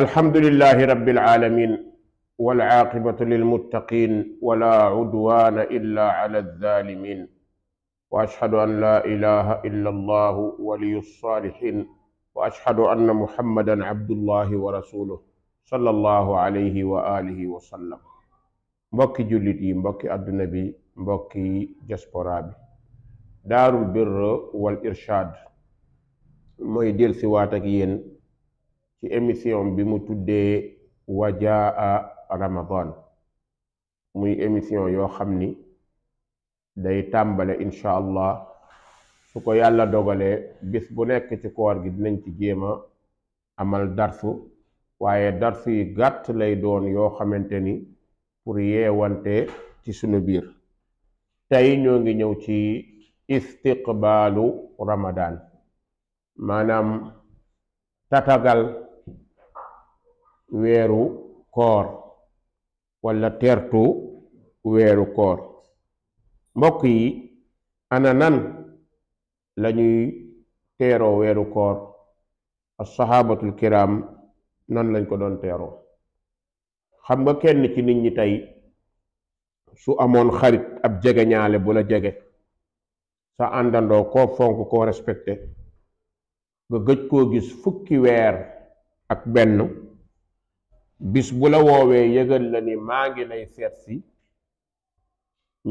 alhamdulillahi rabbil alamin wal aaqibatu lil muttaqin wala udwana illa ala adh-dhalimin wa ashhadu an la ilaha illa allah waliyus salihin wa ashhadu anna muhammadan abdullahi wa rasuluhu sallallahu alayhi wa alihi wa sallam mbokki jullit yi mbokki àdduna bi mbokki diaspora bi daarul birr wal irshad mooy delsiwaat ak yéen ci émission bi mu tuddee wajaa ramadan muy émission yoo xam ni day tàmbale incha allah su ko yàlla dogalee bis bu nekk ci koor gi dinañ ci jéema amal darsu waaye darsu yi gàtt lay doon yoo xamante ni pour yeewante ci sunu biir tey ñoo ngi ñëw ci istiqbaalu ramadan maanaam tatagal weeru koor walla teertu weeru koor mbokk yi ana nan lañuy teeroo weeru koor assahabatul kiram nan lañ ko doon teeroo xam nga kenn ci nit ñi tey su amoon xarit ab jege ñaale bu la jege sa àndandoo koo fonk koo respecté nga gëj koo gis fukki weer ak benn bis bu la woowee yëgal la ni maa ngi lay seet si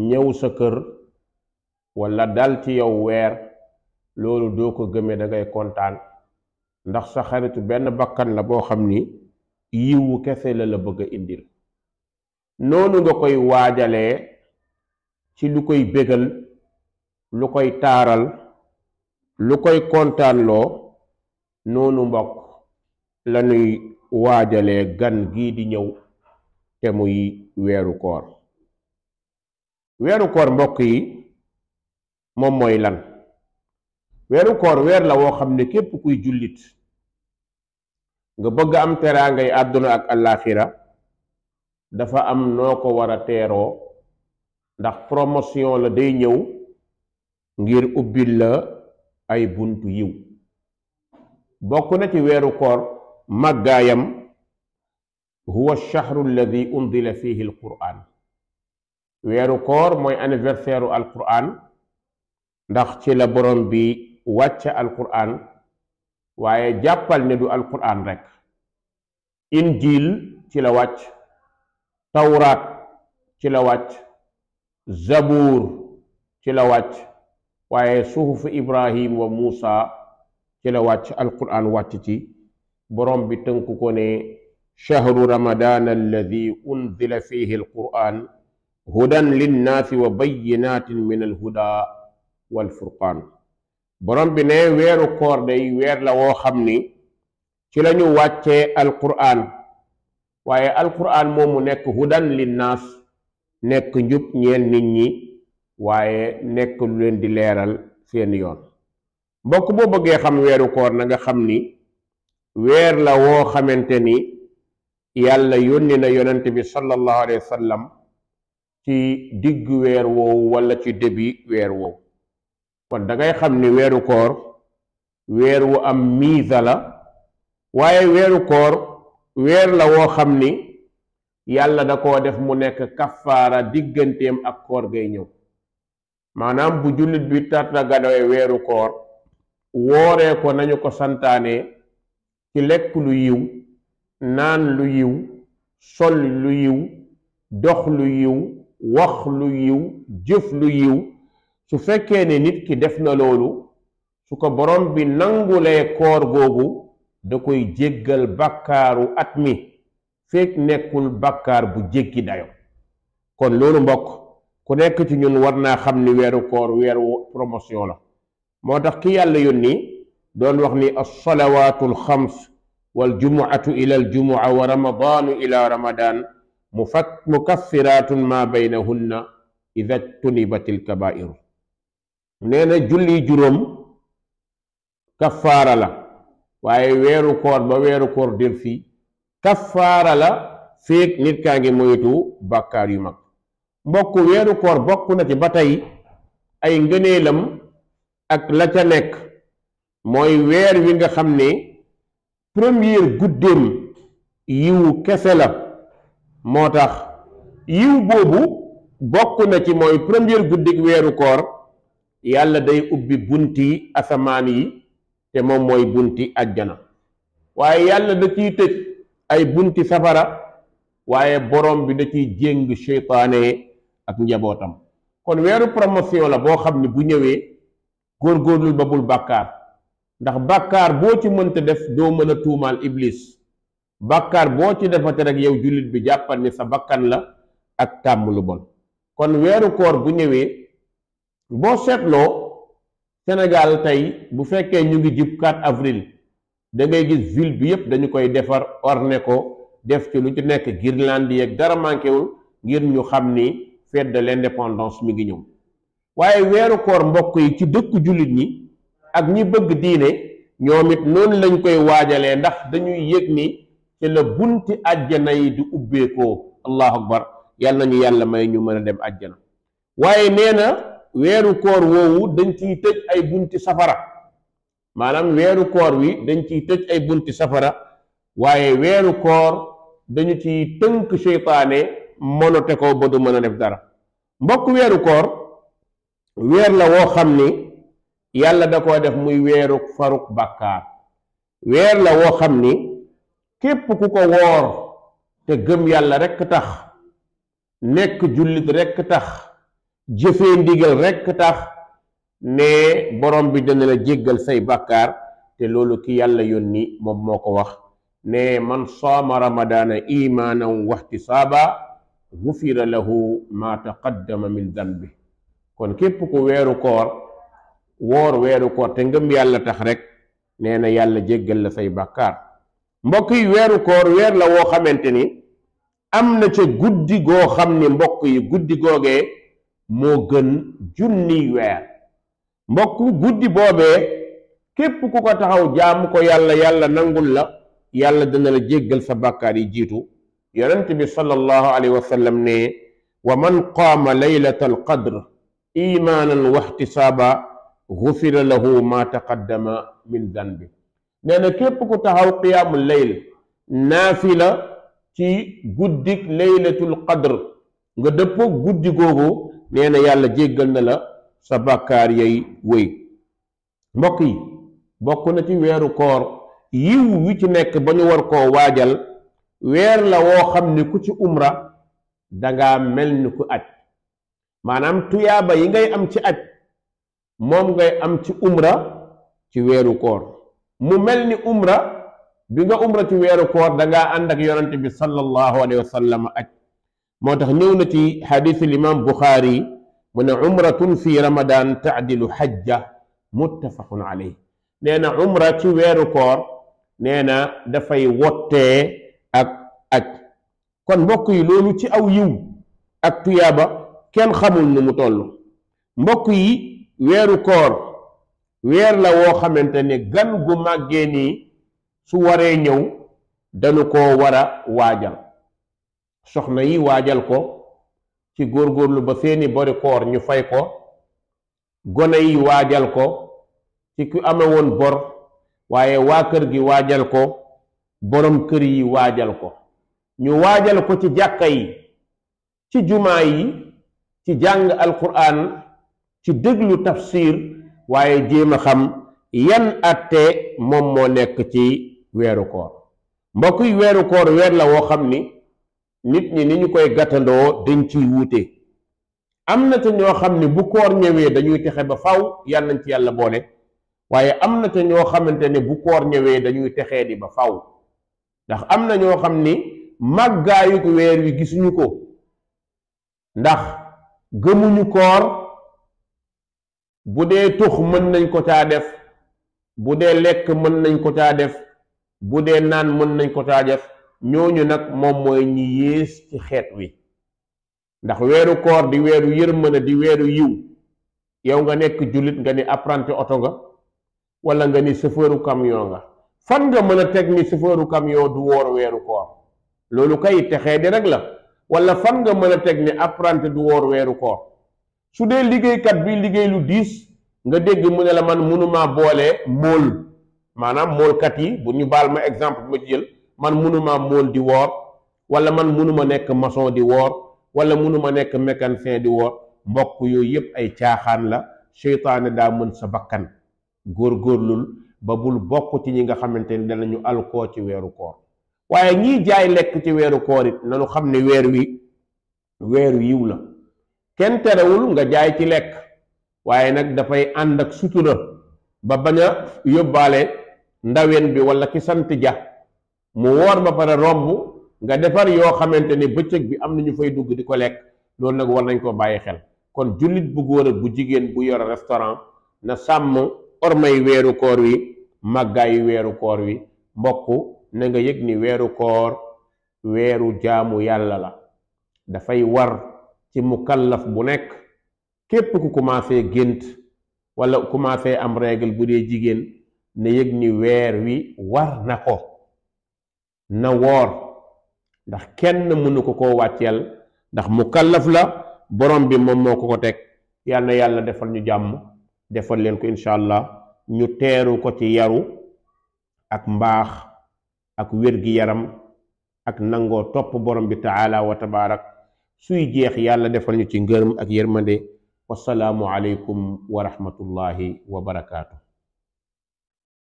ñëw sa kër walla dal ci yow weer loolu doo ko gëmee dangay kontaan ndax sa xaritu benn bakkan la boo xam ni yiwu kese la la bëgg a indil noonu nga koy waajalee ci lu koy bégal lu koy taaral lu koy kontaanloo noonu mbokk la waajalee gan gii di ñëw te muy weeru koor weeru koor mbokk yi moom mooy lan weeru koor weer la woo xam ne képp kuy jullit nga bëgg am teraangay àdduna ak àllaaxira dafa am noo ko war a teeroo ndax promotion la day ñëw ngir ubbil la ay buntu yiw bokk na ci weeru koor màggaayam huwa shahru alladi undila fihi alquran weeru koor mooy anniversaire u alquran ndax ci la borom bi wàcce alquran waaye jàppal ne du alquran rek injil ci la wàcc tawraat ci la wàcc zabuur ci la wàcc waaye suhufu ibrahim wa muusa ci la wàcc alquran wàcc ci boroom bi tënku ko ne shahru ramadan alladi unzila fihi alquran hudan linnaasi wa bayyinatin min alhuda walfurqaan boroom bi ne weeru koor day weer la woo xam ni ci lañu wàccee alquran waaye alquran mu nekk hudan linnaas nekk njub ñeel nit ñi waaye nekk lu leen di leeral seen yoon mbokk boo bëggee xam weeru koor na nga xam ni weer la woo xamante ni yàlla yónni na yonent bi sallallahu alayhi wa ci diggu weer woowu wala ci débi weer woowu kon dangay xam ni weeru koor weer wu am miisa la waaye weeru koor weer la woo xam ni yàlla da ko def mu nekk kafaara digganteem ak koor gay ñëw maanaam bu jullit bi tartagadawee weeru koor wooree ko nañu ko santaane ci lekk lu yiw naan lu yiw sol lu yiw dox lu yiw wax lu yiw jëf lu yiw su fekkee ne nit ki def na loolu su ko borom bi nangulee koor googu da koy jéggal bàkkaaru at mi fekk nekkul bàkkaar bu jéggi dayo kon loolu mbokk ku nekk ci ñun war naa xam ni weeru koor weeru promotion la moo tax ki yàlla yónni doon wax ni alsalawaatu alxams waljumuatu ila aljumua wa ramadaanu ila ramadan mu fak mukaffiratun ma baynahunna ida jtunibat alkabairu nee na julli juróom kaffaara la waaye weeru koor ba weeru koor dir fii la féeg nit kaa ngi moytu bàkkaar yu mag mbokk weeru koor bokk na ci ba tey ay ngëneelam ak la ca nekk mooy weer wi nga xam ne première guddeem yiwu kese la moo tax yiw boobu bokk na ci mooy première guddik weeru koor yàlla day ubbi bunti asamaan yi te moom mooy bunti ajjana waaye yàlla da ciy tëj ay bunti safara waaye borom bi da ciy jéng seytaane ak njabootam kon weeru promotion la boo xam ne bu ñëwee góorgóorlul ba bul bàkkaar ndax bàkkaar boo ci mënta def doo mën a tuumaal iblis bàkkaar boo ci defate rek yow jullit bi jàppal ni sa bakkan la ak tàmm lu bon kon weeru koor bu ñëwee boo seetloo Sénégal tey bu fekkee ñu ngi jub 4 avril da ngay gis ville bi yëpp dañu koy defar orne ko def ci lu ci nekk guirlande yeeg dara manquéwul ngir ñu xam ni fête de l'indépendance mi ngi ñëw waaye weeru koor mbokk yi ci dëkk jullit ñi ak ñi bëgg diine ñoom it noonu lañ koy waajalee ndax dañuy yëg ni ci la bunti àjjana yi di ubbeekoo allahu akbar yàlla nañu yàlla may ñu mën a dem àjjana waaye nee na weeru koor woowu dañ ciy tëj ay bunti safara maanaam weeru koor wi dañ ciy tëj ay bunti safara waaye weeru koor dañu ciy tënk seytaane monote ko ba du mën a def dara mbokk weeru koor weer la woo xam ni yàlla da koo def muy weeru faruk bàkkaar weer la woo xam ni képp ku ko woor te gëm yàlla rekk tax nekk jullit rekk tax jëfee ndigal rekk tax ne borom bi dana la jéggal say bàkkaar te loolu ki yàlla yónni moom moo ko wax ne man saama ramadaana imaanan waxtisaaba gufira lahu ma taqaddama min danbi kon képp ku weeru koor woor weeru koor te ngëm yàlla tax rek nee na yàlla jéggal la say bàkkaar mbokk yi weeru koor weer la woo xamante ni am na ca guddi goo xam ni mbokk yi guddi googee moo gën junniy weer mbokk guddi boobee képp ku ko taxaw jaamu ko yàlla yàlla nangul la yàlla dana la jéggal sa bàkkaar yi jiitu yonent bi sallallahu alayhi wa ne wa man qaama laylata al qadr imaanan wa xufira lahu ma taqaddama min zanbi nee na képp ku taxaw qiyaamu layl naafila ci guddik laylatul qadr nga dëppoo guddi googu nee yàlla jéggal na la sa bàkkaar yay wéy mbokk yi bokk na ci weeru koor yiw wi ci nekk ba ñu war koo waajal weer la woo xam ni ku ci umra danga mel ni ku aj maanaam tuyaaba yi ngay am ci aj moom ngay am ci umra ci weeru koor mu mel ni umra bi nga umra ci weeru koor da ngaa ànd ak yonante bi sallallahu alayhi moo tax ñëw na ci xadiis limaam Buxaari mu ne umratun fi ramadan taadilu xaj muttafaqun alayh nee na umra ci weeru koor nee na dafay wottee ak aj kon mbokk yi loolu ci aw yiw ak tuyaaba kenn xamul nu mu toll mbokk yi weeru koor weer la woo xamante ne gan gu màggee nii su waree ñëw dañu ko wara a waajal soxna yi waajal ko ci góor góorlu ba seeni bori koor ñu fay ko gone yi waajal ko ci ku amewoon bor waaye waa kër gi waajal ko borom kër yi waajal ko ñu waajal ko ci jàkka yi ci jumaa yi ci jàng alquran ci dëgg déglu tafsir waaye jéem a xam yan atte moom moo nekk ci weeru koor mbokk yi weeru koor weer la woo xam ni nit ñi ni ñu koy gàttandoo dañ ciy wuute am na te ñoo xam ne bu koor ñëwee dañuy texe ba faw yal nañ ci yàlla boole waaye am na te xamante ne bu koor ñëwee dañuy texee di ba faw ndax am na ñoo xam ni màggaayuk weer wi gisuñu ko ndax gëmuñu koor bu dee tux mën nañ ko caa def bu dee lekk mën nañ ko caa def bu dee naan mën nañ ko caa def ñooñu nag moom mooy ñi yées ci xeet wi ndax weeru koor di weeru yërmande di weeru yiw yow nga nekk jullit nga ni apprenti oto nga wala nga ni chauffeuru camion nga fan nga mën a teg ni chauffeuru camion du woor weeru koor loolu kay texee di rek la wala fan nga mën a teg ni apprenti du woor weeru koor su dee liggéeykat bi liggéey lu diis nga dégg mu ne la man mënumaa boole móol maanaam móolkat yi bu ñu baal ma exemple ma jël man mënumaa móol di woor wala man mënuma nekk mason di woor wala mënuma nekk mécanicien di woor mbokk yooyu yépp ay caaxaan la seytaane daa mën sa bakkan góor góorgóorlul ba bul bokk ci ñi nga xamante ni danañu alkoo ci weeru koor waaye ñiy jaay lekk ci weeru koor it nanu xam ne weer wi weeru yiw la kenn terewul nga jaay ci lekk waaye nag dafay ànd ak sutura ba bañ a yóbbaale ndawen bi wala ki ja mu woor ba pare romb nga defar yoo xamante ne bëccëg bi am na ñu fay dugg di ko lekk loolu nag war nañ ko bàyyi xel kon jullit bu góor bu jigéen bu yor restaurant na sàmm ormay weeru koor wi màggaayu weeru koor wi mbokk na nga yëg ni weeru koor weeru jaamu yàlla la dafay war ci mu mukallaf bu nekk képp ku commencé gént walla commencé am règle bu dee jigéen ne yëg ni weer wi war na ko na woor ndax kenn mënu ko koo wàcceel ndax mu mukallaf la borom bi moom moo ko ko teg yàlla yàlla defal ñu jàmm defal leen ko incha allah ñu teeru ko ci yaru ak mbaax ak wér-gi-yaram ak nangoo topp borom bi taala wa suy jeex yàlla defal ñu ci ngërëm ak yërmande wasalaamu aleykum wa rahmatullahi wa barakaatu.